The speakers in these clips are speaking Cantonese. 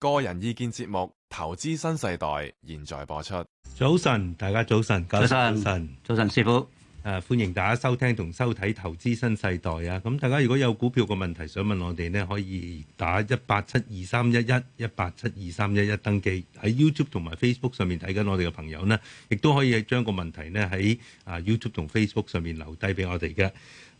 個人意見節目《投資新世代》現在播出。早晨，大家早晨，早晨，早晨，早晨，早晨早晨師傅，誒、啊，歡迎大家收聽同收睇《投資新世代》啊！咁大家如果有股票嘅問題想問我哋呢，可以打一八七二三一一一八七二三一一登記喺 YouTube 同埋 Facebook 上面睇緊我哋嘅朋友呢，亦都可以將個問題呢喺啊 YouTube 同 Facebook 上面留低俾我哋嘅。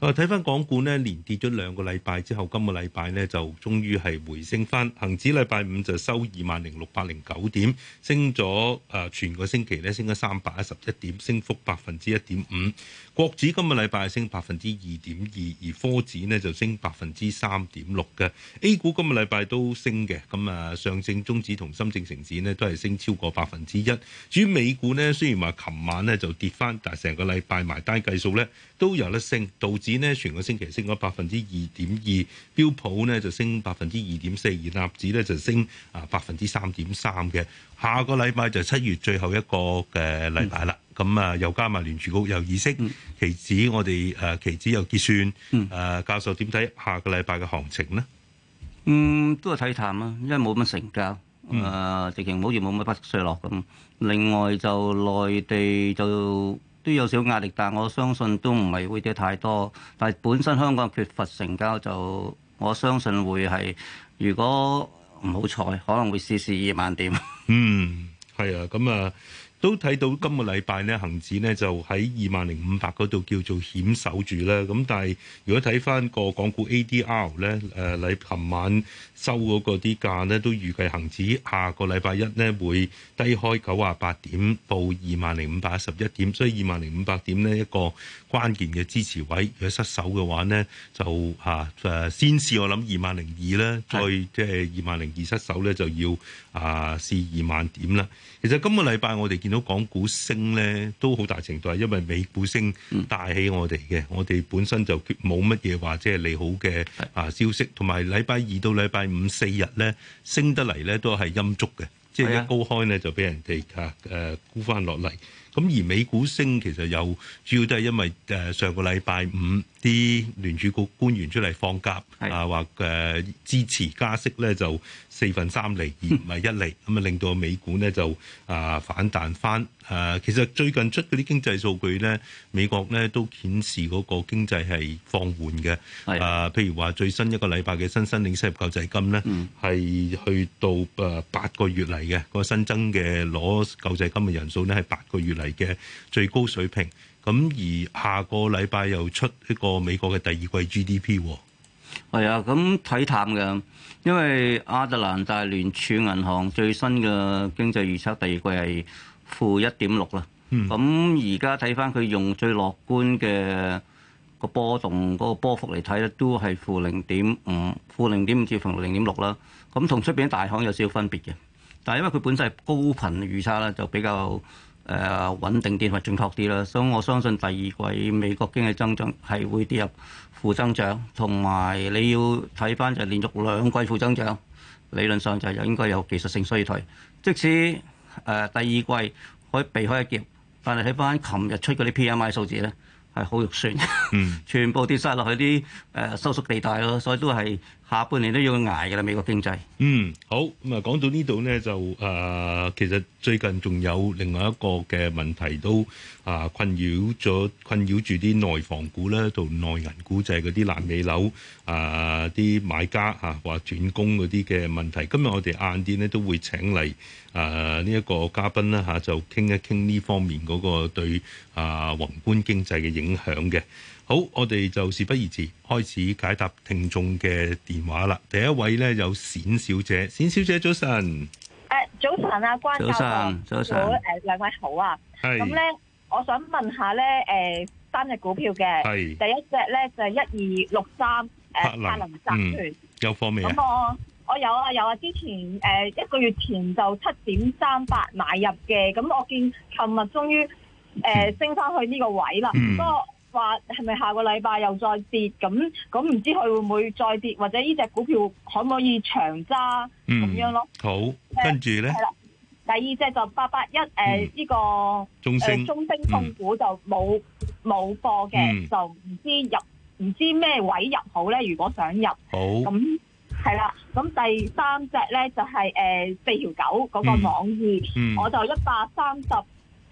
睇翻港股呢，連跌咗兩個禮拜之後，今個禮拜呢就終於係回升翻。恒指禮拜五就收二萬零六百零九點，升咗誒、呃、全個星期呢，升咗三百一十一點，升幅百分之一點五。國指今個禮拜升百分之二點二，而科指呢就升百分之三點六嘅。A 股今個禮拜都升嘅，咁啊上證中指同深證成指呢都係升超過百分之一。至於美股呢，雖然話琴晚呢就跌翻，但係成個禮拜埋單計數呢，都有得升，導致。點全個星期升咗百分之二點二，標普呢就升百分之二點四，而納指呢就升啊百分之三點三嘅。下個禮拜就七月最後一個嘅禮拜啦，咁啊、嗯、又加埋聯儲局又議息，期指我哋誒期指又結算。誒、嗯，教授點睇下個禮拜嘅行情呢？嗯，都係睇淡啦，因為冇乜成交，誒、嗯，呃、直情好似冇乜不衰落咁。另外就內地就。都有少少壓力，但我相信都唔係會跌太多。但係本身香港缺乏成交就，就我相信會係，如果唔好彩，可能會試試二萬點。 嗯，係啊，咁、嗯、啊。都睇到今個禮拜呢，恒指呢就喺二萬零五百嗰度叫做險守住啦。咁但係如果睇翻個港股 ADR 咧，誒你琴晚收嗰個啲價呢，都預計恒指下個禮拜一呢會低開九十八點到二萬零五百十一點，所以二萬零五百點呢，一個關鍵嘅支持位，如果失守嘅話呢，就嚇誒、啊、先試我諗二萬零二咧，再即係二萬零二失守呢，就要。啊，係二萬點啦。其實今個禮拜我哋見到港股升咧，都好大程度係因為美股升帶起我哋嘅。嗯、我哋本身就冇乜嘢話即係利好嘅啊的消息，同埋禮拜二到禮拜五四日咧升得嚟咧都係陰燭嘅，即係一高開呢，就俾人哋架誒沽翻落嚟。啊。咁而美股升，其實又主要都係因為誒上個禮拜五啲聯儲局官員出嚟放鴿，是啊或誒支持加息咧就四分三厘，而唔係一厘。咁啊、 嗯、令到美股咧就啊反彈返。誒、啊，其實最近出嗰啲經濟數據咧，美國咧都顯示嗰個經濟係放緩嘅。誒的、啊，譬如話最新一個禮拜嘅新申領失業救濟金咧，係、嗯、去到誒八個月嚟嘅個新增嘅攞救濟金嘅人數咧，係八個月嚟嘅最高水平。咁而下個禮拜又出一個美國嘅第二季 GDP 喎。係啊，咁睇淡嘅，因為亞特蘭大聯儲銀行最新嘅經濟預測第二季係，負一點六啦，嗯，咁而家睇翻佢用最樂觀嘅個波動嗰個波幅嚟睇咧，都係負零點五、負零點五至負零點六啦。咁同出邊大行有少少分別嘅，但係因為佢本身係高頻預測咧，就比較誒、呃、穩定啲或準確啲啦。所以我相信第二季美國經濟增長係會跌入負增長，同埋你要睇翻就連續兩季負增長，理論上就應該有技術性衰退，即使。誒、呃、第二季可以避開一劫，但係睇翻琴日出嗰啲 PMI 數字咧，係好肉酸，mm. 全部跌晒落去啲誒、呃、收縮地帶咯，所以都係。下半年都要捱㗎啦，美國經濟。嗯，好。咁啊，講到呢度呢，就誒、呃，其實最近仲有另外一個嘅問題，都啊困擾咗困擾住啲內房股咧，同內銀股，就係嗰啲爛尾樓啊，啲、呃、買家啊，話轉工嗰啲嘅問題。今日我哋晏啲呢，都會請嚟啊，呢、呃、一、這個嘉賓啦，嚇、啊、就傾一傾呢方面嗰個對啊、呃、宏觀經濟嘅影響嘅。好，我哋就事不宜遲，開始解答聽眾嘅電話啦。第一位咧有冼小姐，冼小姐早晨。誒，早晨啊，關生。早晨，早晨上。好誒，兩位好啊。係是。咁咧，我想問下咧，誒、呃、三隻股票嘅。係是。第一隻咧就一二六三，誒百能集團有貨未啊？咁、嗯、我我有啊有啊，之前誒、呃、一個月前就七點三八買入嘅，咁我見琴日終於誒、呃、升翻去呢個位啦，不過了。嗯話係咪下個禮拜又再跌？咁咁唔知佢會唔會再跌？或者呢隻股票可唔可以長揸咁樣咯？好，跟住咧，係啦、嗯，第二隻就八八一誒呢個中升中升控股就冇冇貨嘅，就唔知入唔知咩位入好咧？如果想入，好咁係啦。咁第三隻咧就係誒四條九嗰個網易，我就一百三十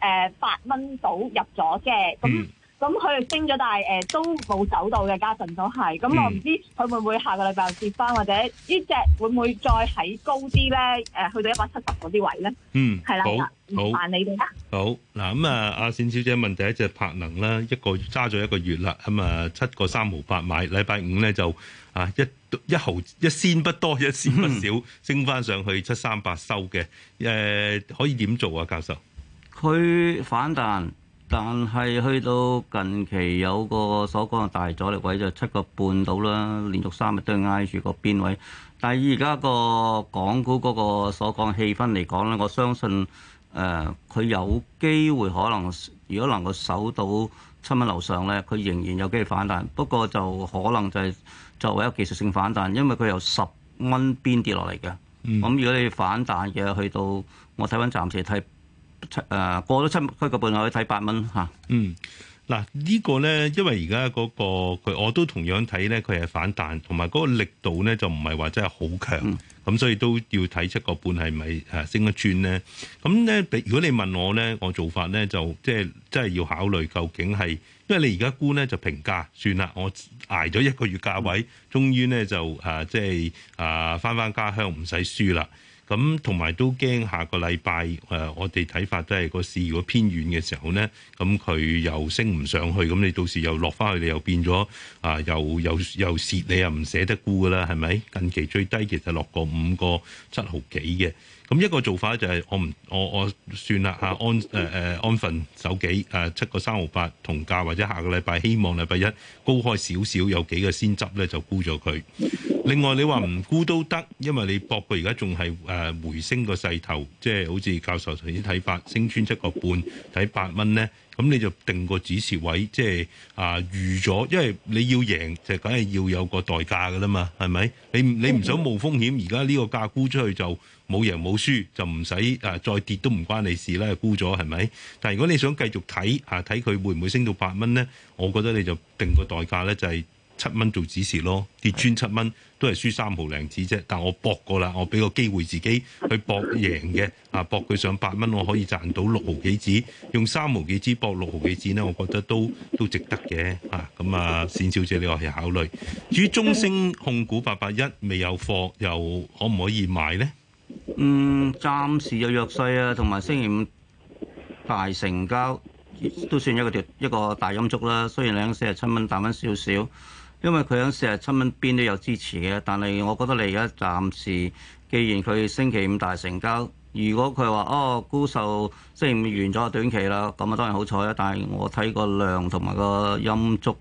誒八蚊到入咗嘅咁。嗯咁佢升咗，但係誒都冇走到嘅，家陣都係。咁我唔知佢會唔會下個禮拜跌翻，或者呢隻會唔會再喺高啲咧？誒，去到一百七十嗰啲位咧。嗯，係啦，好，好，你哋啦。好嗱，咁啊，阿倩小姐問第一隻柏能啦，一個揸咗一個月啦，咁啊，七個三毫八買，禮拜五咧就啊一一毫一仙不多，一仙不少，升翻上去七三八收嘅。誒，可以點做啊，教授？佢反彈。但係去到近期有個所講嘅大阻力位就七個半到啦，連續三日都係挨住個邊位。但係而家個港股嗰個所講氣氛嚟講咧，我相信誒佢、呃、有機會可能，如果能夠守到七蚊樓上咧，佢仍然有機會反彈。不過就可能就係作為一個技術性反彈，因為佢由十蚊邊跌落嚟嘅。咁、嗯、如果你反彈嘅去到，我睇翻暫時睇。七誒過咗七七個半，我可以睇八蚊嚇。啊、嗯，嗱、這個、呢個咧，因為而家嗰個佢，我都同樣睇咧，佢係反彈，同埋嗰個力度咧就唔係話真係好強，咁、嗯、所以都要睇七個半係咪誒升一轉咧？咁、嗯、咧，如果你問我咧，我做法咧就即係即係要考慮究竟係，因為你而家估咧就評價算啦，我捱咗一個月價位，終於咧就誒即係誒返返家鄉唔使輸啦。咁同埋都驚下個禮拜，誒、呃，我哋睇法都係個市如果偏軟嘅時候咧，咁佢又升唔上去，咁你到時又落翻去，你又變咗啊、呃呃呃呃，又又又蝕，你又唔捨得沽㗎喇，係咪？近期最低其實落過五個七毫幾嘅，咁一個做法就係、是、我唔我我算啦吓、啊，安誒誒、啊啊啊、安分守己誒，七個三毫八同價，或者下個禮拜希望禮拜一高開少少，有幾個先執咧就沽咗佢。另外你話唔沽都得，因為你博佢而家仲係誒回升個勢頭，即係好似教授頭先睇法，升穿七個半睇八蚊咧，咁你就定個指示位，即係啊預咗，因為你要贏就梗係要有個代價噶啦嘛，係咪？你你唔想冒風險，而家呢個價沽出去就冇贏冇輸，就唔使誒再跌都唔關你事啦，沽咗係咪？但如果你想繼續睇啊睇佢會唔會升到八蚊咧，我覺得你就定個代價咧就係七蚊做指示咯，跌穿七蚊。都係輸三毫零紙啫，但我博過啦，我俾個機會自己去博贏嘅，啊，博佢上百蚊，我可以賺到六毫幾紙，用三毫幾紙博六毫幾紙呢，我覺得都都值得嘅，啊，咁啊，冼小姐你話係考慮，至於中升控股八八一未有貨，又可唔可以買呢？嗯，暫時有弱勢啊，同埋星期五大成交都算一個條一個大陰燭啦，雖然兩四十七蚊，淡蚊少少。因為佢喺四十七蚊邊都有支持嘅，但係我覺得你而家暫時，既然佢星期五大成交，如果佢話哦高收星期五完咗短期啦，咁啊當然好彩啦。但係我睇個量同埋個陰燭，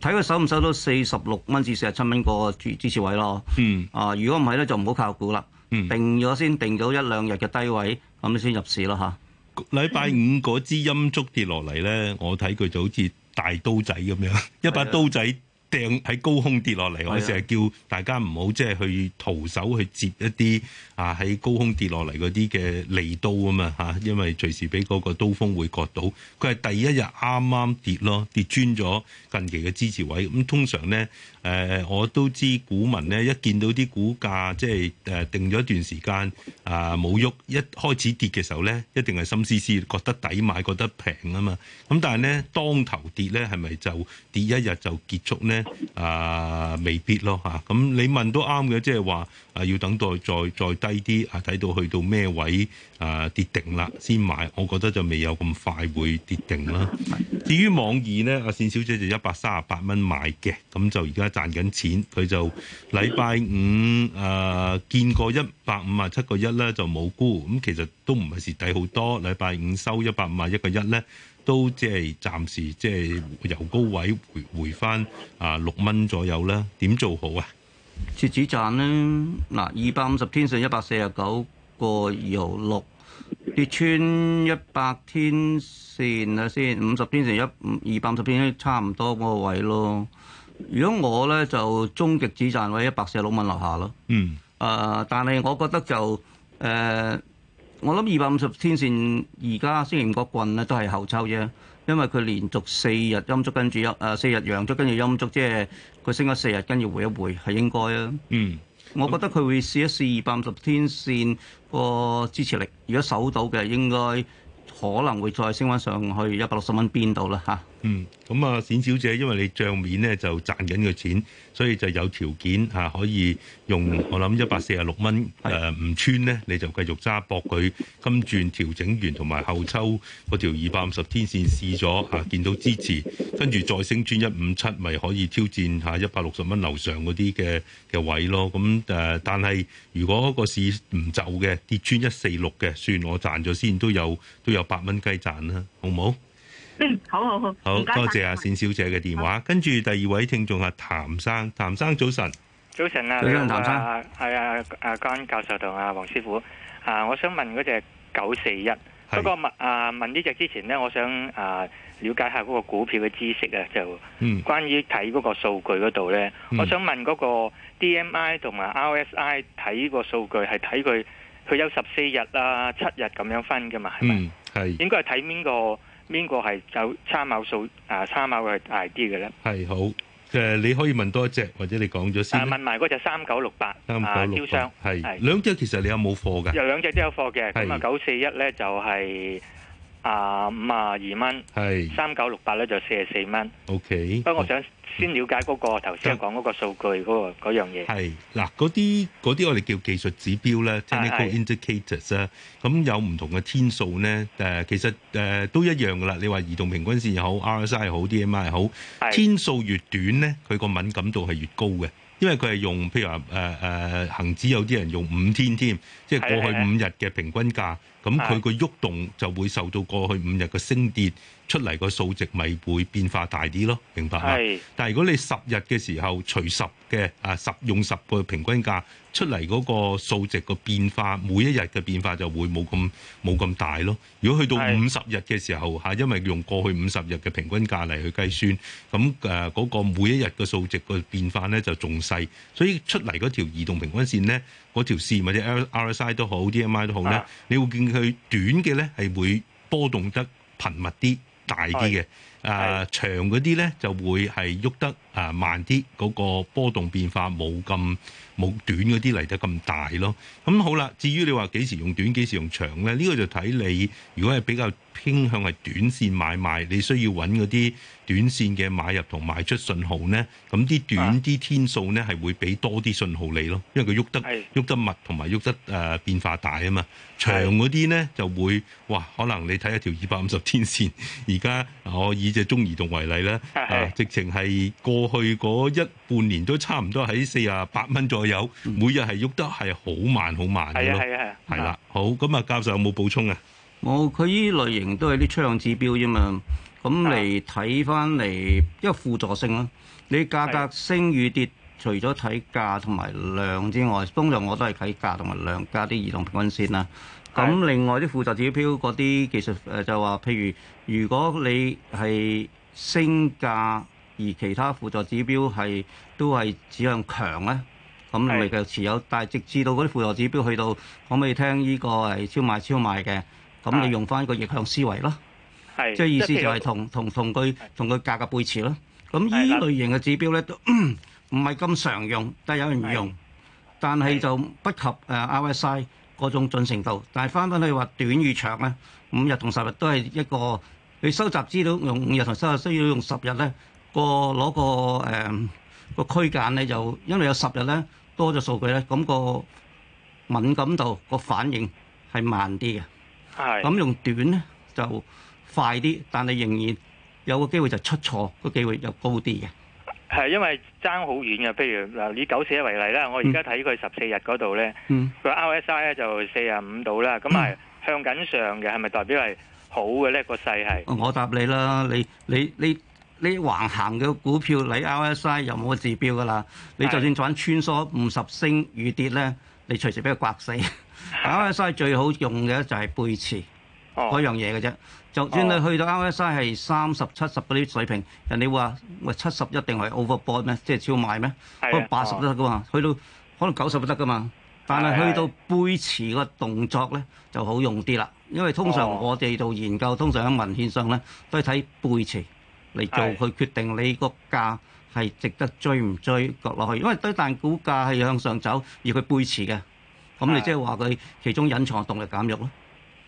睇佢收唔收到四十六蚊至四十七蚊個支支持位咯。嗯，啊嗯。啊，如果唔係咧，就唔好靠估啦。定咗先，定咗一兩日嘅低位，咁先入市咯嚇。禮拜五嗰支陰燭跌落嚟咧，嗯、我睇佢就好似大刀仔咁樣，一把刀仔。 喺高空跌落嚟，我成日叫大家唔好即係去徒手去接一啲啊喺高空跌落嚟嗰啲嘅利刀啊嘛嚇，因為隨時俾嗰個刀鋒會割到。佢係第一日啱啱跌咯，跌穿咗近期嘅支持位咁，通常咧。誒、呃、我都知股民咧，一見到啲股價即係誒、呃、定咗一段時間啊冇喐，一開始跌嘅時候咧，一定係心思思覺得抵買，覺得平啊嘛。咁但係咧，當頭跌咧，係咪就跌一日就結束咧？啊、呃，未必咯嚇。咁你問都啱嘅，即係話。啊！要等待再再低啲啊，睇到去到咩位啊跌定啦先買。我覺得就未有咁快會跌定啦。 至於網易呢，阿、啊、倩小姐就一百三十八蚊買嘅，咁就而家賺緊錢。佢就禮拜五啊見過一百五啊七個一咧就冇沽，咁其實都唔係蝕底好多。禮拜五收一百五啊一個一咧，都即係暫時即係、就是、由高位回回翻啊六蚊左右啦。點做好啊？設止站咧，嗱二百五十天線一百四十九個由六跌穿一百天線啦，先五十天線一五二百五十天線差唔多個位咯。如果我咧就終極止站位一百四十六蚊樓下咯。嗯。誒、呃，但係我覺得就誒、呃，我諗二百五十天線而家雖然個棍咧都係後抽啫。因為佢連續四日陰燭，跟住一誒四日陽燭，跟住陰燭，即係佢升咗四日，跟住回一回係應該啦。嗯，我覺得佢會試一試二百五十天線個支持力，如果守到嘅，應該可能會再升返上去一百六十蚊邊度啦嚇。嗯，咁啊冼小姐，因為你賬面咧就賺緊嘅錢，所以就有條件吓、啊、可以用我諗一百四十六蚊誒唔穿咧，你就繼續揸駁佢金轉調整完同埋後抽嗰條二百五十天線試咗吓，見到支持，跟住再升穿一五七，咪可以挑戰下一百六十蚊樓上嗰啲嘅嘅位咯。咁、啊、誒，但係如果個市唔走嘅跌穿一四六嘅，算我賺咗先，都有都有八蚊雞賺啦，好唔好？嗯，好好好，好多謝阿、啊、冼小姐嘅電話，跟住好第二位聽眾阿譚生，譚生早晨，早晨啊，你好譚生，係啊，阿江教授同阿黃師傅啊，我想問嗰隻九四一，不過啊問啊問呢隻之前咧，我想啊了解下嗰個股票嘅知識啊，就關於睇嗰個數據嗰度咧，嗯、我想問嗰個 DMI 同埋 RSI 睇個數據係睇佢，佢有十四日啊七日咁樣分噶嘛，係咪？係應該係睇邊個？邊個係有參考數？啊？參考係大啲嘅咧，係好誒、呃！你可以問多一隻，或者你講咗先、啊。問埋嗰隻三九六八啊，招三九六八、啊、商係兩隻。是其實你有冇貨噶？有兩隻都有貨嘅，咁啊是，九四一咧就係、是。啊，五啊二蚊，係三九六八咧就四啊四蚊。OK，不過我想先了解嗰、那個頭先講嗰個數據嗰、那個、樣嘢。係嗱，嗰啲啲我哋叫技術指標咧，technical、uh, indicators 啊，咁、uh, 有唔同嘅天數咧。誒、呃，其實誒、呃、都一樣噶啦。你話移動平均線又好，RSI 又好，DMI 又好，天數越短咧，佢個敏感度係越高嘅。因為佢係用，譬如話誒誒恆指，有啲人用五天添，即係過去五日嘅平均價。咁佢個喐動就會受到過去五日嘅升跌。出嚟個數值咪會變化大啲咯，明白？但係如果你十日嘅時候除十嘅啊，十用十個平均價出嚟嗰個數值個變化，每一日嘅變化就會冇咁冇咁大咯。如果去到五十日嘅時候嚇，因為用過去五十日嘅平均價嚟去計算，咁誒嗰個每一日嘅數值個變化咧就仲細，所以出嚟嗰條移動平均線咧，嗰條線或者 RSI 都好 DMI 都好咧，你會見佢短嘅咧係會波動得頻密啲。大啲嘅，誒長嗰啲咧就會係喐得。誒、啊、慢啲嗰、那個波動變化冇咁冇短嗰啲嚟得咁大咯。咁、嗯、好啦，至於你話幾時用短幾時用長咧？呢、這個就睇你，如果係比較偏向係短線買賣，你需要揾嗰啲短線嘅買入同賣出信號咧，咁啲短啲天數咧係會俾多啲信號你咯，因為佢喐得喐的得，得密同埋喐得誒、啊、變化大啊嘛。長嗰啲咧就會哇，可能你睇一條二百五十天線，而家我以隻中移動為例啦，啊，直情係。過去嗰一半年都差唔多喺四十八蚊左右，嗯、每日係喐得係的好慢好慢嘅咯。係啊係啊係。係啦，好咁啊，教授有冇補充啊？冇、哦，佢依類型都係啲出量指標啫嘛。咁嚟睇翻嚟，一個輔助性咯。你價格升與跌，的除咗睇價同埋量之外，通常我都係睇價同埋量加啲移動平均線啦。咁的另外啲輔助指標，嗰啲技術誒，就話譬如，如果你係升價。而其他輔助指標係都係指向強咧，咁你咪繼續持有。但係直至到嗰啲輔助指標去到，可唔可以聽呢個係超賣超賣嘅？咁你用翻個逆向思維咯，即係意思就係同同同佢同佢價格背馳咯。咁呢類型嘅指標咧都唔係咁常用，但係有人用，但係就不及誒 RSI 嗰種進程度。但係翻翻去話短與長啊，五日同十日都係一個你收集資料用五日同十日，需要用十日咧。個攞個誒個區間咧，就因為有十日咧多咗數據咧，咁個敏感度個反應係慢啲嘅。係咁用短咧就快啲，但係仍然有個機會就出錯，個機會又高啲嘅。係因為爭好遠嘅，譬如嗱以九四一為例啦，我而家睇佢十四日嗰度咧，個 RSI 咧就四十五度啦，咁係向緊上嘅，係咪代表係好嘅咧？個勢係我答你啦，你你你。你橫行嘅股票，你 RSI 又冇個指標㗎啦。你就算做緊穿梭五十升與跌咧，你隨時俾佢刮死。RSI, 是 RSI 最好用嘅就係背馳嗰、oh. 樣嘢嘅啫。就算你去到 RSI 係三十七十嗰啲水平，人哋話喂，七十一定係 overboard 咩？即、就、係、是、超賣咩？不過八十都得㗎嘛，去到可能九十都得㗎嘛。但係去到背馳個動作咧就好用啲啦，因為通常我哋做研究，通常喺文獻上咧都係睇背馳嚟做去決定，你個價係值得追唔追落去？因為堆氮股價係向上走，而佢背馳嘅，咁你即係話佢其中隱藏動力減弱咯。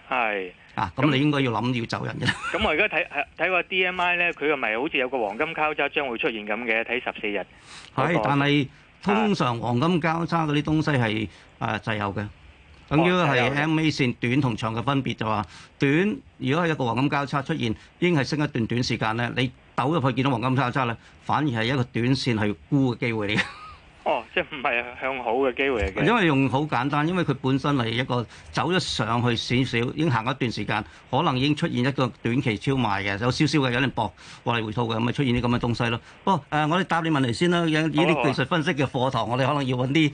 係啊，咁你應該要諗要走人嘅。咁我而家睇睇個 DMI 咧，佢係咪好似有個黃金交叉將會出現咁嘅？睇十四日係，但係通常黃金交叉嗰啲東西係啊滯後嘅。等於係 MA 線短同長嘅分別就話，短如果係一個黃金交叉出現，已經係升一段短時間咧，你抖入去見到黃金交叉咧，反而係一個短線係沽嘅機會嚟嘅。哦，即係唔係向好嘅機會嚟嘅？的因為用好簡單，因為佢本身係一個走咗上去少少，已經行一段時間，可能已經出現一個短期超賣嘅，有少少嘅有啲搏，來回套嘅咁咪出現啲咁嘅東西咯。哦，誒、呃，我哋答你問題先啦，以呢啲技術分析嘅課堂，好我哋可能要揾啲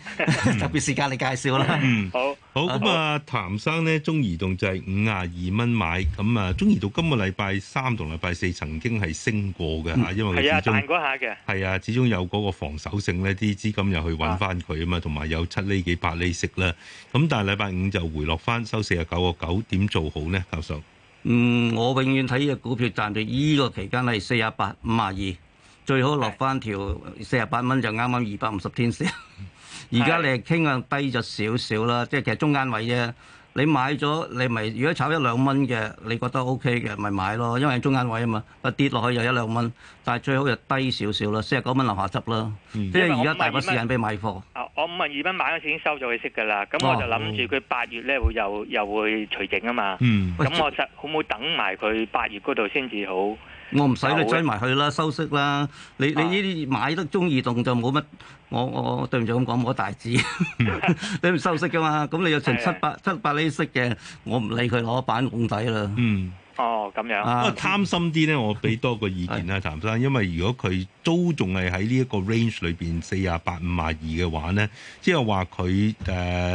特別時間嚟介紹啦。 嗯，好。好咁啊，譚生咧中移動就係五啊二蚊買，咁啊中移動今個禮拜三同禮拜四曾經係升過嘅嚇，嗯、因為始終係啊彈下嘅，係啊始終有嗰個防守性呢啲資金又去揾翻佢啊嘛，同埋有七厘幾八厘息啦。咁但係禮拜五就回落翻，收四廿九個九，點做好呢，教授？嗯，我永遠睇嘅股票賺到依個期間係四廿八五廿二，最好落翻條四廿八蚊就啱啱二百五十天線。的 而家你傾向低咗少少啦，即係其實中間位啫。你買咗你咪，如果炒一兩蚊嘅，你覺得 OK 嘅，咪買咯，因為中間位啊嘛。啊跌落去又一兩蚊，但係最好就低少少啦，四十九蚊樓下執啦。嗯、即係而家大把時間俾你買貨。啊，我五文二蚊買嗰次已經收咗佢息噶啦，咁我就諗住佢八月咧會又又會除淨啊嘛。哦、嗯，咁我實好冇等埋佢八月嗰度先至好。我唔使會你追埋去啦，收息啦。你你呢啲買得中移動就冇乜。我我對唔住咁講，冇大志。 你唔收息噶嘛？咁你有成七百的七百厘息嘅，我唔理佢攞板拱底啦。嗯，哦，咁樣。不過、啊、貪心啲咧，我俾多個意見啦，陳 生。因為如果佢都仲係喺呢一個 range 裏邊，四十八五十二嘅話咧，即係話佢誒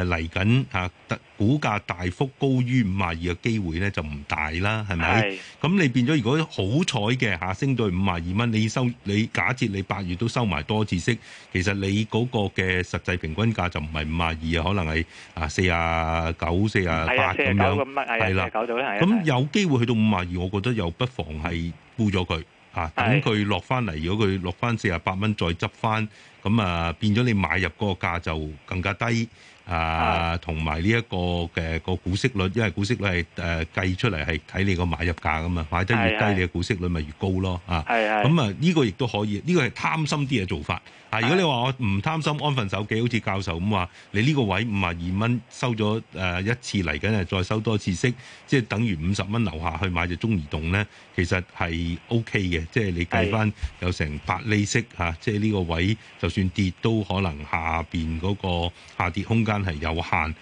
嚟緊啊得。股價大幅高於五廿二嘅機會咧就唔大啦，係咪？咁是你變咗如果好彩嘅嚇升到去五廿二蚊，你收你假設你八月都收埋多啲息，其實你嗰個嘅實際平均價就唔係五廿二，可能係啊四廿九、四廿八咁樣。係啦，搞到咁有機會去到五廿二，我覺得又不妨係估咗佢嚇，等佢落翻嚟。的如果佢落翻四廿八蚊再執翻，咁啊變咗你買入嗰個價就更加低。啊，同埋呢一個嘅、呃、個股息率，因為股息率係誒、呃、計出嚟係睇你個買入價噶嘛，買得越低，你嘅股息率咪越高咯，係係係啊，咁啊呢個亦都可以，呢、呢個係貪心啲嘅做法。係，如果你話我唔貪心安分守己，好似教授咁話，你呢個位五十二蚊收咗誒一次嚟緊，係再收多次息，即係等於五十蚊樓下去買隻中移動咧，其實係 O K 嘅，即係你計翻有成八釐息嚇，是即係呢個位就算跌都可能下邊嗰個下跌空間係有限，咁啊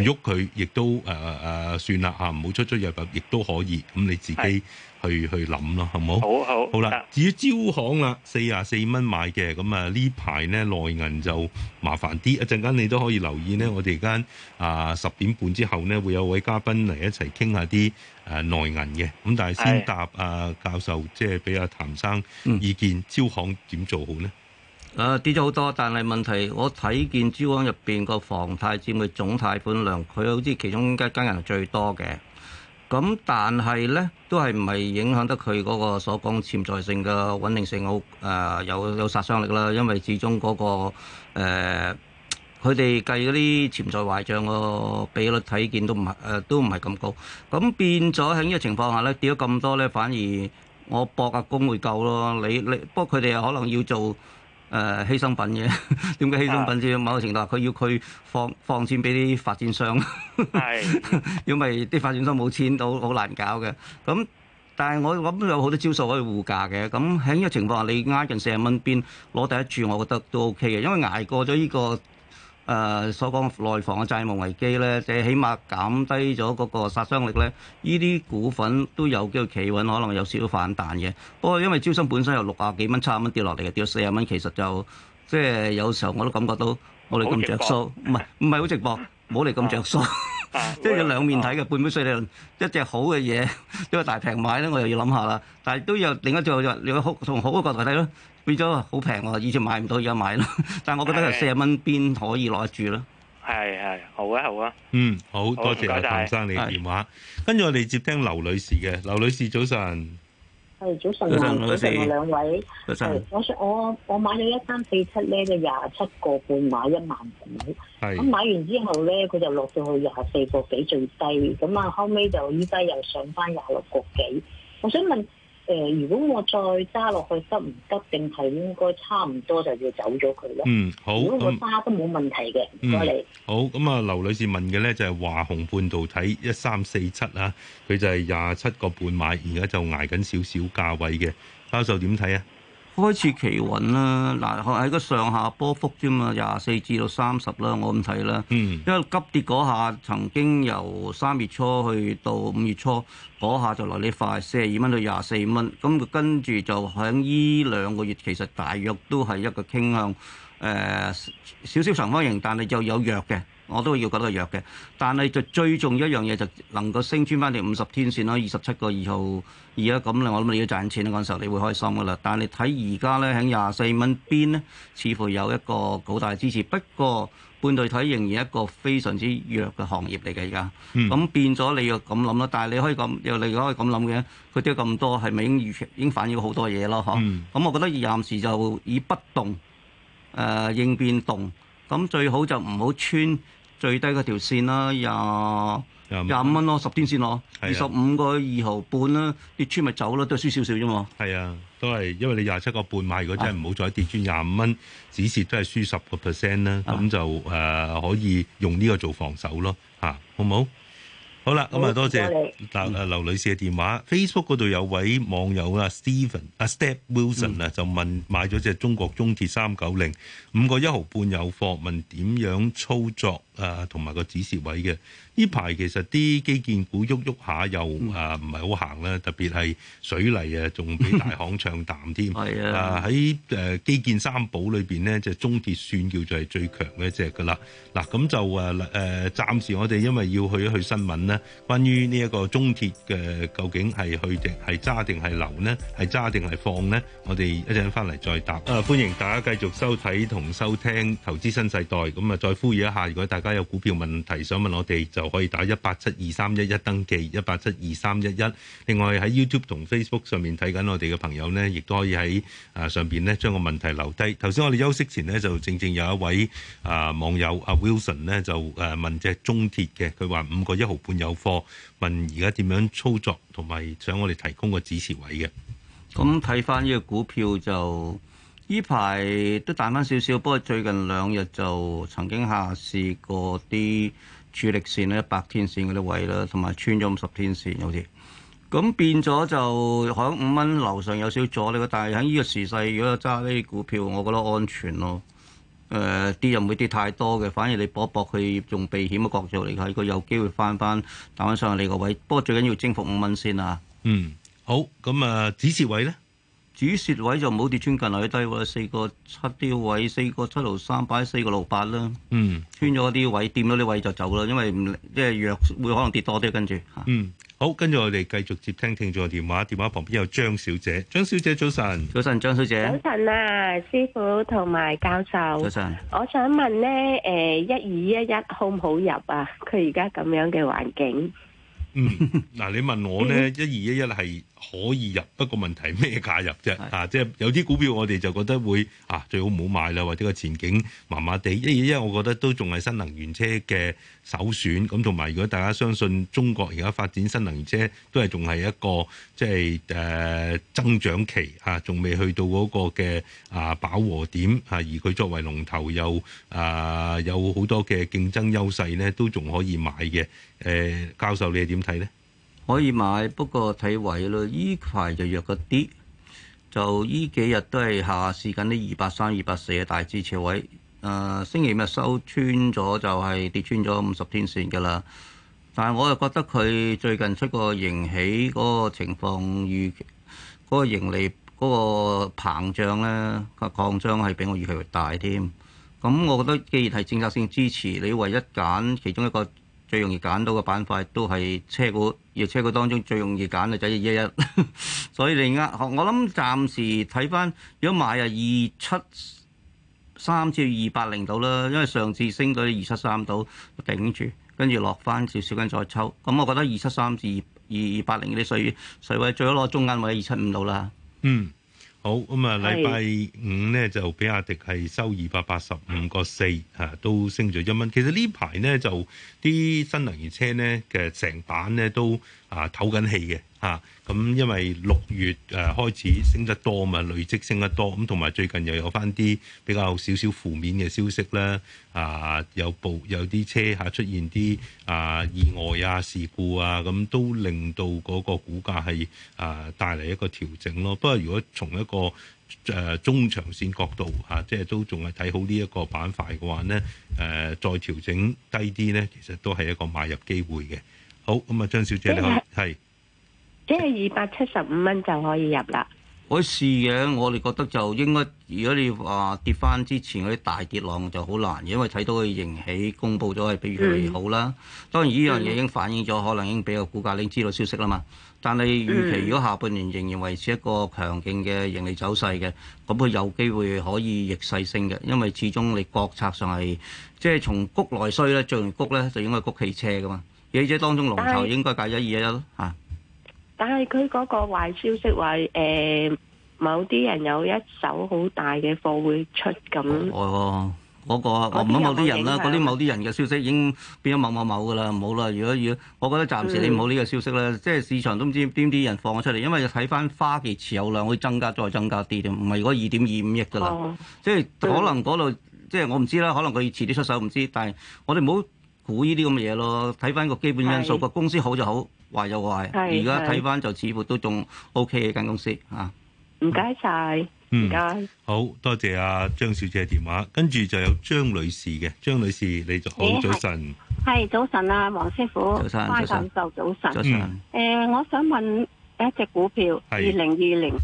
唔喐佢亦都誒誒、呃、算啦嚇，唔好出出入入亦都可以，咁你自己。去去諗咯，好唔好好好啦。好了至於招行啦，四十四蚊買嘅，咁啊呢排呢內銀就麻煩啲。一陣間你都可以留意呢。我哋而家啊十點半之後呢，會有位嘉賓嚟一齊傾下啲誒內銀嘅。咁但係先答阿教授，的即係俾阿譚生意見，招行點做好呢？誒跌咗好多，但係問題我睇見招行入邊個房貸佔嘅總貸款量，佢好似其中一間人最多嘅。咁但係咧，都係唔係影響得佢嗰個所講潛在性嘅穩定性好誒、呃、有有殺傷力啦，因為始終嗰、嗰個佢哋、呃、計嗰啲潛在壞賬個比率睇見都唔係誒都唔係咁高，咁變咗喺呢個情況下咧，跌咗咁多咧，反而我搏下攻會夠咯，你你不過佢哋可能要做。誒、呃、犧牲品嘅，點 解犧牲品先？啊、某個程度佢要佢放放錢俾啲發展商， 啊、因為啲發展商冇錢都好難搞嘅。咁但係我諗都有好多招數可以護價嘅。咁喺呢個情況下，你挨近四十蚊邊攞第一注，我覺得都 OK 嘅，因為捱過咗呢、這個。誒、呃、所講內房嘅債務危機咧，即係起碼減低咗嗰個殺傷力咧，呢啲股份都有機會企穩，可能有少少反彈嘅。不過因為招商本身有六啊幾蚊、七啊蚊跌落嚟，跌到四十蚊，其實就即係有時候我都感覺到我哋咁着數，唔係唔係好著數。唔好嚟咁着數，即係兩面睇嘅。半杯水你一隻好嘅嘢，因為大平買咧，我又要諗下啦。但係都要另一個角度，另一個好，仲好嘅角度睇咯。變咗好平喎，以前買唔到，而家買咯。但係我覺得四十蚊邊可以攞得住咯。係係好啊好啊，嗯好多謝阿唐生你電話，跟住我哋接聽劉女士嘅。劉女士早晨。係，早晨啊！多謝我兩位。我想我我買咗一三四七咧，就廿七個半買一萬五。咁係。買完之後咧，佢就落到去廿四個幾最低。咁啊，後尾就依家又上翻廿六個幾。我想問。誒，如果我再揸落去得唔得？定係應該差唔多就要走咗佢咯。嗯，好。如果我揸都冇問題嘅，唔該、嗯、你。好，咁啊，劉女士問嘅咧就係華虹半導體一三四七啊，佢就係廿七個半買，而家就捱緊少少價位嘅，教授點睇啊？開始企穩啦，嗱，喺個上下波幅啫嘛，廿四至到三十啦，30，我咁睇啦。因為急跌嗰下，曾經由三月初去到五月初，嗰下就來得快，四十二蚊到廿四蚊，咁跟住就喺依兩個月，其實大約都係一個傾向，誒少少長方形，但係就有弱嘅。我都要覺得佢弱嘅，但係就最重要一樣嘢，就能夠升穿翻條五十天線咯，二十七個二號而家咁咧我諗你要賺錢咧，嗰陣時候你會開心噶啦。但係你睇而家咧，喺廿四蚊邊咧，似乎有一個好大支持。不過半導體仍然一個非常之弱嘅行業嚟嘅，而家咁變咗你又咁諗啦。但係你可以咁又你可以咁諗嘅，佢跌咁多係咪已經預已經反映好多嘢咯？嗬、嗯。咁我覺得暫時就以不動誒、呃、應變動，咁最好就唔好穿。最低嗰條線啦，廿廿五蚊咯，25, 的十天線咯，二十五個二毫半啦，跌穿咪走咯，都係輸少少啫嘛。係啊，都係因為你廿七個半買，如果真係唔好再跌穿廿五蚊，只蝕都係輸十個 percent 啦。咁、啊、就誒、呃、可以用呢個做防守咯，嚇、啊、好唔好？好啦，咁啊好多謝嗱啊劉女士嘅電話。嗯、Facebook 度有位網友啊 Steven 啊、uh, Step Wilson 啊、嗯，就問買咗隻中國中鐵三九零五個一毫半有貨，問點樣操作啊，同埋個止蝕位嘅。呢排其實啲基建股喐喐下又、嗯、啊唔係好行啦，特別係水泥啊，仲俾大行唱淡添。係 啊，啊，啊，喺誒基建三寶裏邊咧，就中鐵算叫做係最強嘅一隻噶啦。嗱，咁就誒誒，暫時我哋因為要去一去新聞啦。關於呢一個中鐵嘅究竟係去定係揸定係留呢？係揸定係放呢？我哋一陣翻嚟，再答。誒，歡迎大家繼續收睇同收聽《投資新世代》。咁啊，再呼籲一下，如果大家有股票問題想問我哋，就可以打一八七二三一一登記，一八七二三一一。另外喺 YouTube 同 Facebook 上面睇緊我哋嘅朋友呢，亦都可以喺誒上邊呢將個問題留低。頭先我哋休息前呢就正正有一位啊網友阿 Wilson 呢就誒問隻中鐵嘅，佢話五個一毫半，有貨，問而家點樣操作，同埋想我哋提供個指示位嘅。咁睇翻呢個股票就呢排都大翻少少，不過最近兩日就曾經下試過啲主力線咧，一百天線嗰啲位啦，同埋穿咗五十天線好似。咁變咗就響五蚊樓上有少少阻力。但係喺呢個時勢，如果揸呢啲股票，我覺得安全咯。誒啲、呃、又唔會跌太多嘅，反而你搏一搏佢用避險嘅角度嚟睇，佢有機會翻翻打翻上嚟個位。不過最緊要征服五蚊先啊！嗯，好，咁啊，止蝕位咧？止蝕位就唔好跌穿近落去低位，四個七啲位，四個七六三，擺四個六八啦。嗯，穿咗啲位，掂咗啲位就走啦，因為唔即係若會可能跌多啲跟住。啊、嗯。好，跟住我哋繼續接聽聽眾電話。電話旁邊有張小姐，張小姐早晨，早晨張小姐，早晨啊，師傅同埋教授，早晨。我想問呢，誒、呃，一二一一好唔好入啊？佢而家咁樣嘅環境， 嗯，嗱，你問我呢，一二一一係。 可以入，不過問題咩價入啫？是啊，即係有啲股票我哋就覺得會啊，最好唔好買啦，或者個前景麻麻地。因為，因為我覺得都仲係新能源車嘅首選。咁同埋，如果大家相信中國而家發展新能源車，都係仲係一個即係誒增長期啊，仲未去到嗰個嘅啊飽和點啊。而佢作為龍頭，又啊有好多嘅競爭優勢咧，都仲可以買嘅。誒教授，你係點睇咧？可以買，不過睇位咯。依排就弱一啲，就依幾日都係下試緊啲二百三、二百四嘅大支持位。誒、呃，星期五日收穿咗，就係、是、跌穿咗五十天線㗎啦。但係我又覺得佢最近出個盈喜嗰個情況預期嗰個盈利嗰個膨脹咧，個擴張係比我預期大添。咁我覺得，既然係政策性支持，你唯一揀其中一個。最容易揀到嘅板塊都係車股，而車股當中最容易揀嘅就係一一， 所以你而家，我諗暫時睇翻，如果買就二七三至二八零度啦，因為上次升到二七三度頂住，跟住落翻少少間再抽，咁我覺得二七三至二二八零啲水水位最好攞中間位二七五度啦。嗯。好，咁啊！禮、嗯、拜五呢，就比亞迪係收二百八十五個四啊，都升咗一蚊。其實呢排咧就啲新能源車咧嘅成版咧都啊唞緊氣嘅。嚇，咁、啊、因為六月誒、啊、開始升得多嘛，累積升得多，咁同埋最近又有翻啲比較少少負面嘅消息啦。啊，有部有啲車嚇、啊、出現啲啊意外啊事故啊，咁、啊、都令到嗰個股價係啊帶嚟一個調整咯。不過如果從一個誒、啊、中長線角度嚇、啊，即係都仲係睇好呢一個板塊嘅話咧，誒、啊、再調整低啲咧，其實都係一個買入機會嘅。好，咁啊，張小姐你好係。今天 即係二百七十五蚊就可以入啦。我試嘅，我哋覺得就應該。如果你話、啊、跌翻之前嗰啲大跌浪就好難，因為睇到佢盈喜公布咗係比預期好啦。嗯、當然呢樣嘢已經反映咗，嗯、可能已經比較股價你已經知道消息啦嘛。但係預期如果下半年仍然維持一個強勁嘅盈利走勢嘅，咁佢、嗯、有機會可以逆勢升嘅，因為始終你國策上係即係從谷內需咧，最完谷咧就應該谷汽車噶嘛。而且當中龍頭應該介一二一一咯吓。但係佢嗰個壞消息話，誒、欸、某啲人有一手好大嘅貨會出咁。哦，嗰唔好某啲人啦，嗰啲某啲人嘅消息已經變咗某某某噶啦，唔好啦。如果如果……我覺得暫時你唔好呢個消息啦。嗯、即係市場都唔知邊啲人放咗出嚟，因為睇翻花旗持有量會增加再增加啲添，唔係如果二點二五億噶啦、哦。即係可能嗰度，即係我唔知啦，可能佢要遲啲出手唔知。但係我哋唔好。估呢啲咁嘅嘢咯，睇翻個基本因素，個公司好就好，壞又壞。而家睇翻就似乎都仲 OK 嘅間公司嚇。唔該晒，唔該。好多謝阿張小姐嘅電話，跟住就有張女士嘅。張女士，你就好，早晨。係早晨啊，黃師傅。早晨早晨早晨。早晨。誒，我想問一隻股票，二零二零，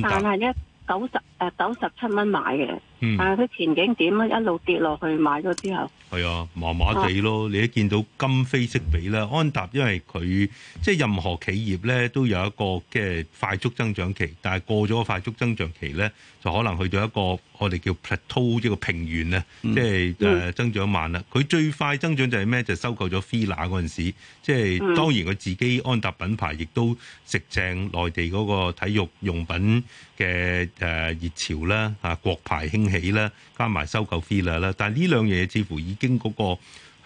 但係一九十誒九十七蚊買嘅。嗯，但係佢前景點啊？一路跌落去買咗之後，係啊，麻麻哋咯。啊、你一見到今非昔比啦，安踏因為佢即係任何企業咧，都有一個即係快速增長期。但係過咗個快速增長期咧，就可能去咗一個我哋叫 plateau 一個平原啊，即係誒增長慢啦。佢、嗯、最快增長就係咩？就是、收購咗 Fila 嗰陣時，即係當然佢自己安踏品牌亦都食正內地個體育用品嘅誒熱潮啦，啊國牌興起啦，加埋收購 FILA 啦，但係呢兩樣嘢似乎已經嗰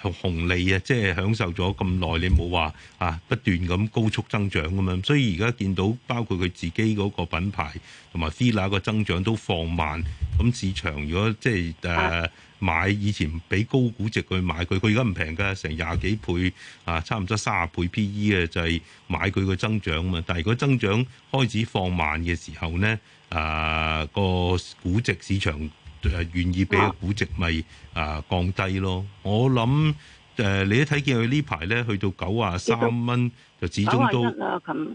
個紅利、就是、啊，即係享受咗咁耐，你冇話啊不斷咁高速增長咁樣，所以而家見到包括佢自己嗰個品牌同埋 FILA 個增長都放慢，咁市場如果即係誒。就是 uh, 啊買以前俾高估值去買佢，佢而家唔平㗎，成廿幾倍啊，差唔多三十倍 P/E 啊，就係買佢個增長啊嘛。但係如果增長開始放慢嘅時候咧，啊個估值市場誒願意俾個估值咪啊降低咯。哇我諗。誒、呃，你一睇見佢呢排咧，去到九啊三蚊就始終都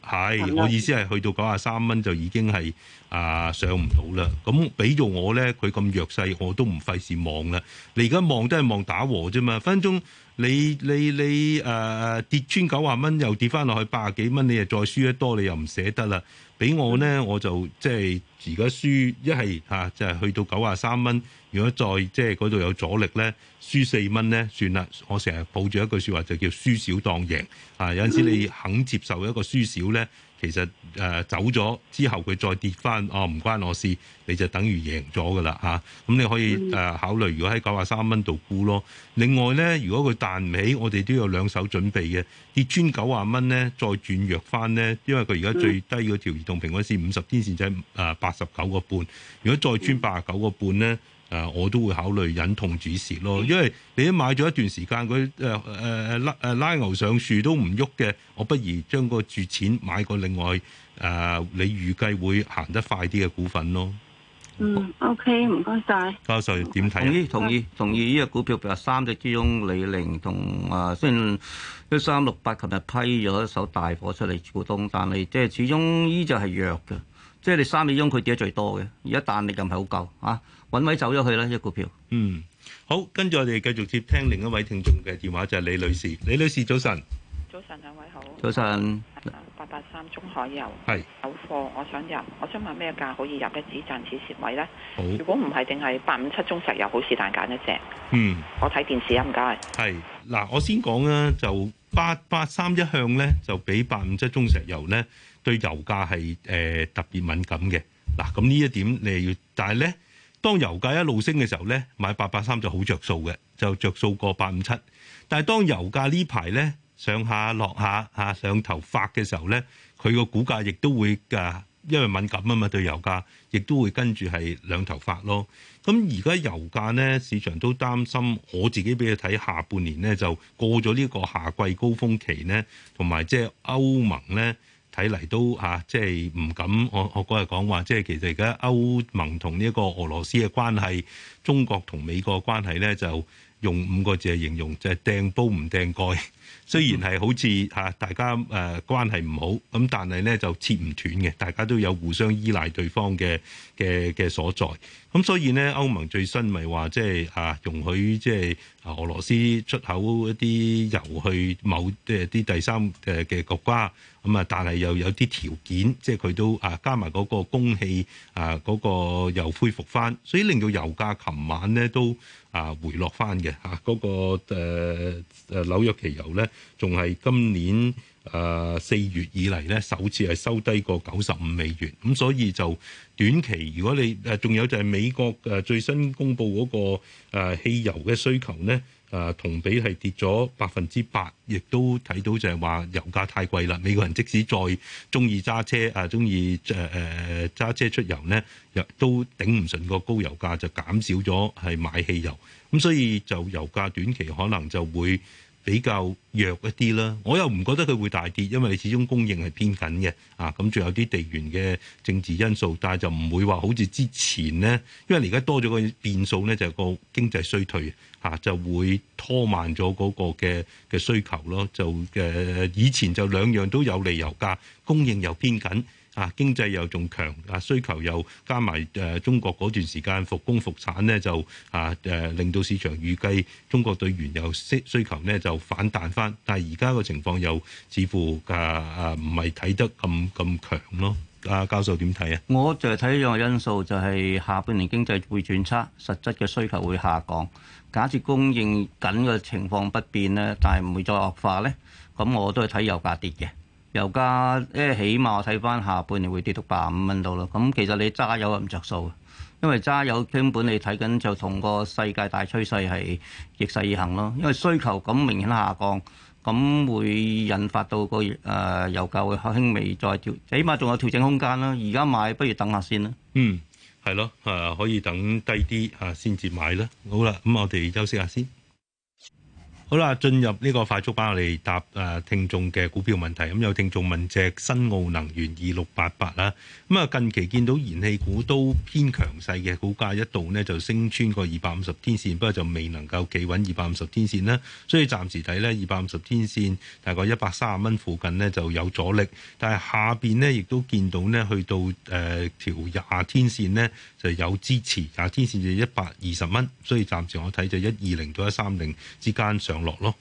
係，我意思係去到九啊三蚊就已經係啊、呃、上唔到啦。咁俾咗我咧，佢咁弱勢，我都唔費事望啦。你而家望都係望打和啫嘛。分分鐘你你你誒、呃、跌穿九啊蚊又跌翻落去八十幾蚊，你又再輸得多，你又唔捨得啦。俾我呢，我就即係而家輸一係嚇，啊，就係去到九啊三蚊。如果再即係嗰度有阻力呢，輸四蚊呢算啦。我成日抱住一句説話，就叫輸少當贏。啊，有陣時你肯接受一個輸少呢。其實誒、呃、走咗之後，佢再跌翻，哦，唔關我事，你就等於贏咗噶啦嚇。咁、啊、你可以誒、呃、考慮，如果喺九啊三蚊度沽咯。另外咧，如果佢彈唔起，我哋都有兩手準備嘅。跌穿九啊蚊咧，再轉弱翻咧，因為佢而家最低嗰條移動平均線五十天線就係誒八十九個半。如果再穿八十九個半咧。誒、啊，我都會考慮忍痛止蝕咯，因為你一買咗一段時間，佢誒誒拉誒拉牛上樹都唔喐嘅，我不如將個住錢買個另外誒、呃，你預計會行得快啲嘅股份咯。嗯，OK，唔該晒。教授點睇？同意，同意，同意。依、這個股票譬如三隻之中，李寧同誒、啊、雖然一三六八，琴日批咗一手大火出嚟，股東，但係即係始終依就係弱嘅，即係你三隻之中佢跌得最多嘅。而彈力就唔係好夠啊！搵位走咗去啦，隻股票。嗯，好，跟住我哋繼續接聽另一位聽眾嘅電話，就係李女士。李女士早晨，早晨，兩位好。早晨，八八三中海油係，有貨我想入，我想問咩價可以入咧？止賺止蝕位咧？好，如果唔係，定係八五七中石油好？是但揀一隻。嗯，我睇電視啊，唔該。係嗱，我先講啦，就八八三一向咧，就比八五七中石油咧，對油價係誒特別敏感嘅。嗱，咁呢一點你係要，但係咧。當油價一路升嘅時候咧，買八八三就好着數嘅，就着數過八五七。但係當油價呢排咧上下落下上頭發嘅時候咧，佢個股價亦都會噶，因為敏感啊嘛對油價，亦都會跟住係兩頭發咯。咁而家油價咧，市場都擔心。我自己俾佢睇下半年咧，就過咗呢個夏季高峰期咧，同埋即係歐盟咧。睇嚟都吓、啊，即係唔敢。我我日講話，即係其實而家歐盟同呢一個俄羅斯嘅關係，中國同美國嘅關係咧，就用五個字嚟形容，就係、是、掟煲唔掟蓋。雖然係好似嚇大家誒關係唔好，咁但係咧就切唔斷嘅，大家都有互相依賴對方嘅嘅嘅所在。咁所以呢，歐盟最新咪話即係啊容許即係啊俄羅斯出口一啲油去某即係啲第三嘅嘅國家咁啊，但係又有啲條件，即係佢都啊加埋嗰個供氣啊嗰個又恢復翻，所以令到油價琴晚咧都啊回落翻嘅嚇，嗰個誒紐約期油咧。仲係今年誒四月以嚟咧，首次係收低過九十五美元。咁所以就短期，如果你誒仲有就係美國誒最新公布嗰個汽油嘅需求咧，誒同比係跌咗百分之八，亦都睇到就係話油價太貴啦。美國人即使再中意揸車啊，中意誒誒揸車出遊咧，又都頂唔順個高油價，就減少咗係買汽油。咁所以就油價短期可能就會比較弱一啲啦，我又唔覺得佢會大跌，因為你始終供應係偏緊嘅啊，咁仲有啲地緣嘅政治因素，但係就唔會話好似之前呢，因為而家多咗個變數呢，就係、個經濟衰退嚇、啊、就會拖慢咗嗰個嘅嘅需求咯，就誒、啊、以前就兩樣都有利油價供應又偏緊。啊，經濟又仲強，啊需求又加埋誒、呃、中國嗰段時間復工復產咧，就啊誒、啊、令到市場預計中國對原油需需求咧就反彈返，但係而家個情況又似乎啊啊唔係睇得咁咁、嗯、強咯，阿、啊、教授點睇啊？我就係睇一樣因素，就係、是、下半年經濟會轉差，實質嘅需求會下降。假設供應緊嘅情況不變咧，但係唔會再惡化咧，咁我都係睇油價跌嘅。油價，即係起碼我睇翻下半年會跌到八五蚊度咯。咁其實你揸油係唔着數嘅，因為揸油根本你睇緊就同個世界大趨勢係逆勢而行咯。因為需求咁明顯下降，咁會引發到個誒油價會輕微再調，起碼仲有調整空間啦。而家買不如等下先啦。嗯，係咯，誒、呃、可以等低啲嚇先至買啦。好啦，咁我哋休息下先。好啦，進入呢個快速班，我嚟答誒聽眾嘅股票問題。咁、嗯、有聽眾問隻新奧能源二六八八啦。咁、嗯、啊，近期見到燃氣股都偏強勢嘅，股價一度呢就升穿個二百五十天線，不過就未能夠企穩二百五十天線啦。所以暫時睇呢二百五十天線大概一百三十蚊附近呢就有阻力。但係下邊呢亦都見到呢去到誒、呃、條廿天線呢就有支持，廿天線就一百二十蚊。所以暫時我睇就一二零到一三零之間上落咯，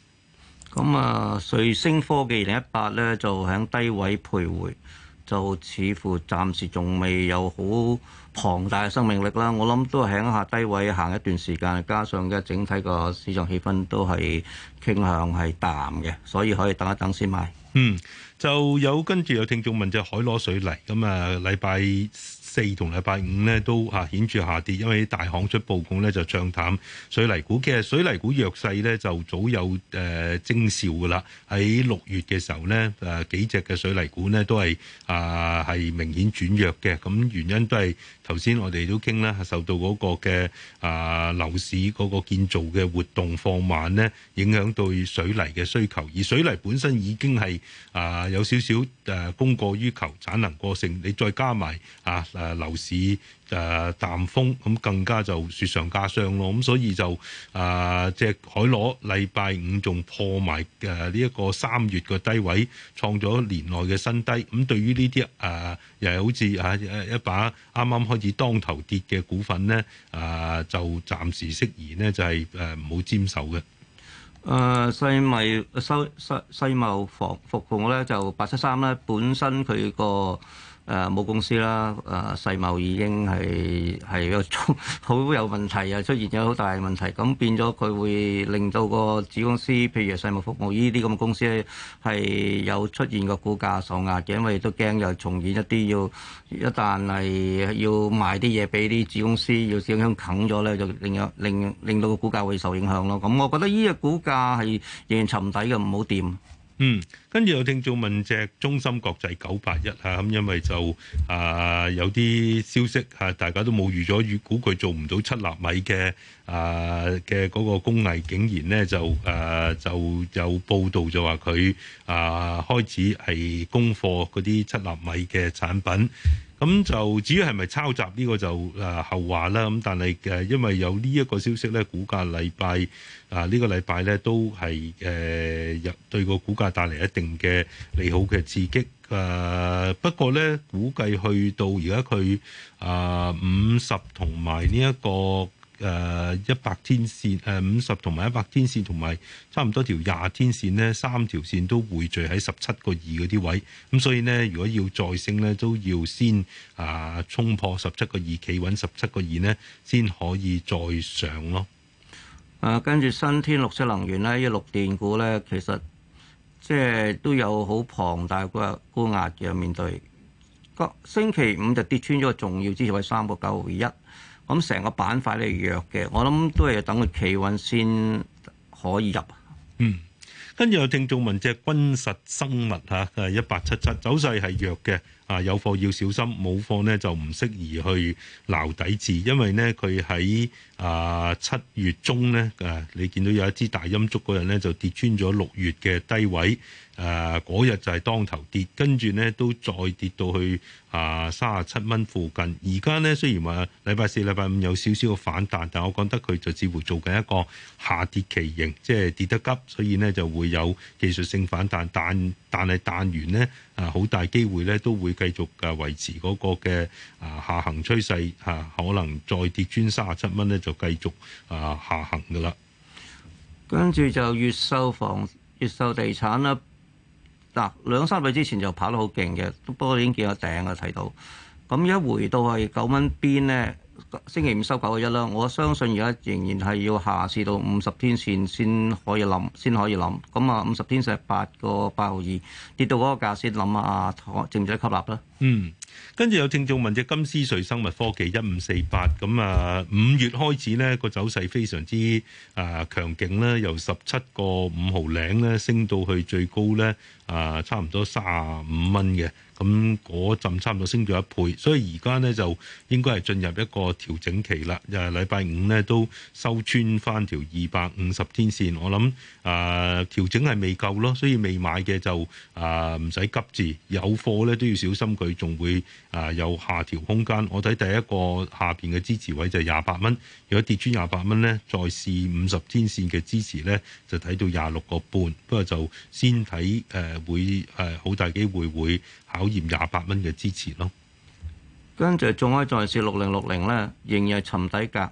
咁啊瑞星科技二零一八咧就響低位徘徊，就似乎暫時仲未有好龐大嘅生命力啦。我諗都係喺下低位行一段時間，加上嘅整體個市場氣氛都係傾向係淡嘅，所以可以等一等先買。嗯，就有跟住有聽眾問就海螺水泥咁啊禮拜四同禮拜五呢都啊，顯著下跌，因為大行出報告呢就暢淡水泥股。嘅水泥股弱勢呢就早有誒徵兆㗎啦。喺六月嘅時候呢，誒幾隻嘅水泥股呢都係啊係明顯轉弱嘅。咁原因都係頭先我哋都傾啦，受到嗰個嘅啊樓市嗰個建造嘅活動放慢呢，影響到水泥嘅需求。而水泥本身已經係啊有少少誒供過於求，產能過剩。你再加埋啊～誒、啊、樓市誒、啊、淡風，咁更加就雪上加霜咯。咁、啊、所以就誒即係海螺，禮拜五仲破埋誒呢一個三月嘅低位，創咗年內嘅新低。咁、啊、對於呢啲誒，又係好似啊一一把啱啱開始當頭跌嘅股份咧，誒、啊、就暫時適宜呢，就係唔好沾手嘅。誒、啊、西、啊、米收收世貿房服務咧，就八七三咧，本身佢個。誒冇、呃、公司啦，誒、呃、世茂已經係係有好 有問題啊，又出現咗好大嘅問題，咁變咗佢會令到個子公司，譬如世茂服務呢啲咁嘅公司咧，係有出現個股價受壓嘅，因為都驚又重演一啲要一旦係要賣啲嘢俾啲子公司，要小小啃咗咧，就影響令令，令，令到個股價會受影響咯。咁我覺得呢個股價係仍然沉底嘅，唔好掂。嗯，跟住有聽眾問隻中芯國際九八一啊，咁因為就啊有啲消息嚇、啊，大家都冇預咗，預估佢做唔到七納米嘅啊嘅嗰個工藝，竟然呢，就、啊、誒就有報道就話佢啊開始係供貨嗰啲七納米嘅產品。咁就至於係咪抄襲呢、呢個就誒、呃、後話啦。咁但係誒、呃，因為有呢一個消息咧，股價禮拜啊呢、呃呢個禮拜咧都係誒入對個股價帶嚟一定嘅利好嘅刺激。誒、呃、不過咧，估計去到而家佢啊五十同埋呢一個。誒一百天線誒五十同埋一百天線同埋差唔多條廿天線呢三條線都匯聚喺十七個二嗰啲位，咁所以呢，如果要再升呢，都要先啊衝、呃、破十七個二，企穩十七個二呢先可以再上咯。誒、呃，跟住新天綠色能源呢，一綠電股呢，其實即係都有好龐大嘅高壓嘅面對。個星期五就跌穿咗個重要支持位三百九毫二一。咁成個板塊都係弱嘅，我諗都係等佢企穩先可以入。嗯，跟住有聽眾問隻軍實生物吓，誒一八七七走勢係弱嘅，啊 77, 有貨要小心，冇貨呢就唔適宜去撈底子，因為呢佢喺。啊，七、呃、月中咧，啊，你見到有一支大陰燭嗰日咧就跌穿咗六月嘅低位，啊，嗰日就係當頭跌，跟住咧都再跌到去啊三十七蚊附近。而家咧雖然話禮拜四、禮拜五有少少嘅反彈，但我覺得佢就似乎做緊一個下跌期型，即係跌得急，所以呢，就會有技術性反彈，但但係彈完呢，啊，好大機會咧都會繼續嘅維持嗰個嘅啊下行趨勢，啊，可能再跌穿三十七蚊咧繼續啊下行噶啦，跟住就越秀房、越秀地產啦，嗱、啊、兩三個月之前就跑得好勁嘅，不過已經見咗頂啊，睇到咁一回到係九蚊邊咧，星期五收九個一啦。我相信而家仍然係要下市到五十天綫先可以諗，先可以諗。咁啊五十天綫八個八毫二，跌到嗰個價先諗下可正仔吸納啦。嗯。跟住有聽眾問隻金絲瑞生物科技一五四八咁啊，五月開始呢個走勢非常之啊、呃、強勁啦，由十七個五毫領咧升到去最高咧啊、呃，差唔多三十五蚊嘅。咁嗰陣差唔多升咗一倍，所以而家咧就應該係進入一個調整期啦。又係禮拜五咧都收穿翻條二百五十天線，我諗誒、呃、調整係未夠咯，所以未買嘅就誒唔使急住，有貨咧都要小心佢仲會誒有下調空間。我睇第一個下邊嘅支持位就係廿八蚊，如果跌穿廿八蚊咧，再試五十天線嘅支持咧，就睇到廿六個半。不過就先睇誒、呃、會誒好、呃、大機會會考廿八蚊嘅支持咯，跟住仲可以再試六零六零咧，仍然係沉底格，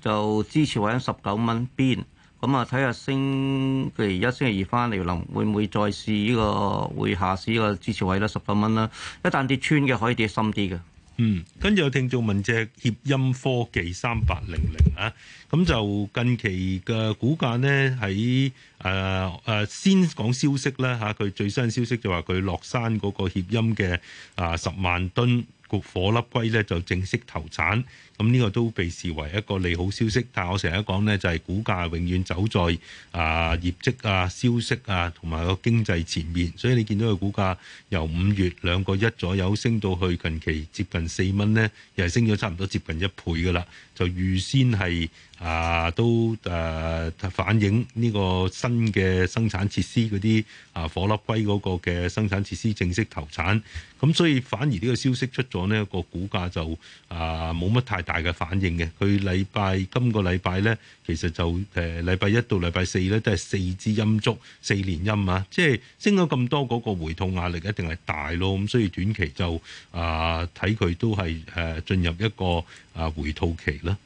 就支持位喺十九蚊邊。咁啊，睇下星期一、星期二翻嚟，臨會唔會再試呢、這個會下試呢個支持位咧？十九蚊啦，一旦跌穿嘅，可以跌深啲嘅。嗯，跟住有聽眾問隻協鑫科技三八零零啊，咁就近期嘅股價呢，喺誒誒先講消息啦嚇，佢、啊、最新消息就話佢樂山嗰個協鑫嘅啊十萬噸。焗火粒龜咧就正式投產，咁呢個都被視為一個利好消息。但係我成日講呢，就係股價永遠走在啊業績啊消息啊同埋個經濟前面，所以你見到個股價由五月兩個一左右升到去近期接近四蚊呢，又係升咗差唔多接近一倍㗎喇，就預先係。啊，都誒、啊、反映呢個新嘅生產設施嗰啲啊，火粒龜嗰個嘅生產設施正式投產，咁所以反而呢個消息出咗呢、呢個股價就啊冇乜太大嘅反應嘅。佢禮拜今個禮拜呢，其實就誒、啊、禮拜一到禮拜四呢，都係四支陰燭四連陰啊，即係升咗咁多嗰、嗰個回吐壓力一定係大咯，咁所以短期就啊睇佢都係誒、啊、進入一個啊回吐期啦。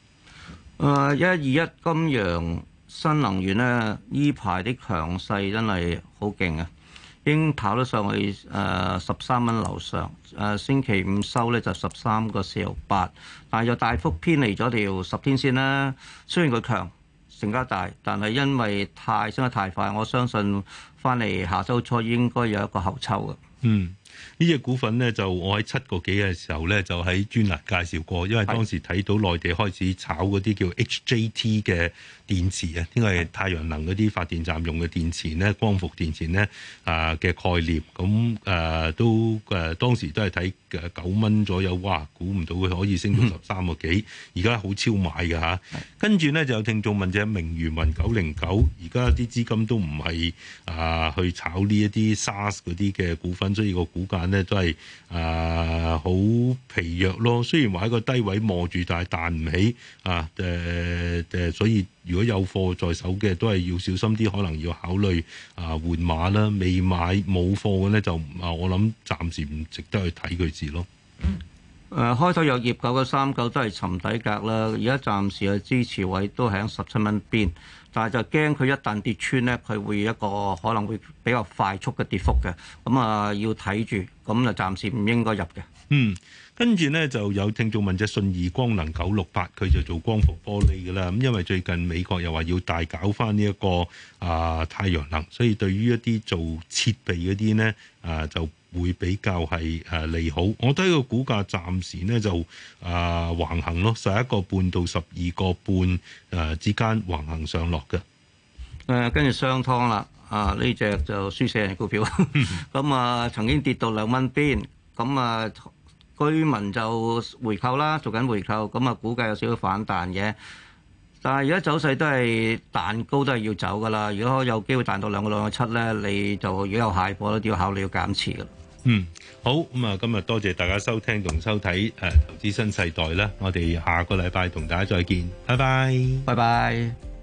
誒一二一金陽新能源咧，依排啲強勢真係好勁啊！已經跑得上去誒十三蚊樓上誒、呃，星期五收咧就十三個四六八，但係又大幅偏離咗條十天線啦、啊。雖然佢強成交大，但係因為太升得太快，我相信翻嚟下周初應該有一個後抽啊。嗯。呢隻股份咧就我喺七個幾嘅時候咧就喺專欄介紹過，因為當時睇到內地開始炒嗰啲叫 HJT 嘅。電池啊，呢個係太陽能嗰啲發電站用嘅電池咧，光伏電池咧啊嘅概念，咁、呃、誒都誒、呃、當時都係睇九蚊左右。哇估唔到佢可以升到十三個幾，而家好超買㗎吓。啊、的跟住咧就有聽眾問者明源雲九零九，而家啲資金都唔係啊去炒呢一啲 SaaS 嗰啲嘅股份，所以個股價咧都係啊好疲弱咯。雖然話喺個低位望住，但係彈唔起啊誒誒，所以。如果有貨在手嘅，都係要小心啲，可能要考慮啊、呃、換馬啦。未買冇貨嘅咧，就啊，我諗暫時唔值得去睇佢字咯。嗯。誒，開頭有二九嘅三九都係沉底格啦，而家暫時嘅支持位都係喺十七蚊邊，但係就驚佢一旦跌穿咧，佢會一個可能會比較快速嘅跌幅嘅。咁啊，要睇住，咁啊，暫時唔應該入嘅。嗯。跟住咧，就有聽眾問隻信義光能九六八，佢就做光伏玻璃噶啦。咁因為最近美國又話要大搞翻呢一個啊、呃、太陽能，所以對於一啲做設備嗰啲咧啊，就會比較係誒、呃、利好。我覺得個股價暫時咧就啊橫行咯，十一個半到十二個半誒之間橫行上落嘅。誒、呃，跟住商湯啦。啊，呢、這、隻、個、就輸死人嘅股票。咁 啊、嗯， 曾經跌到兩蚊邊，咁啊。居民就回購啦，做緊回購，咁啊，估計有少少反彈嘅。但係而家走勢都係彈高，都係要走噶啦。如果有機會彈到兩個兩個七咧，你就如果有蟹貨咧，都要考慮要減持嘅。嗯，好咁啊，今日多謝大家收聽同收睇誒投資新世代啦。我哋下個禮拜同大家再見，拜拜，拜拜。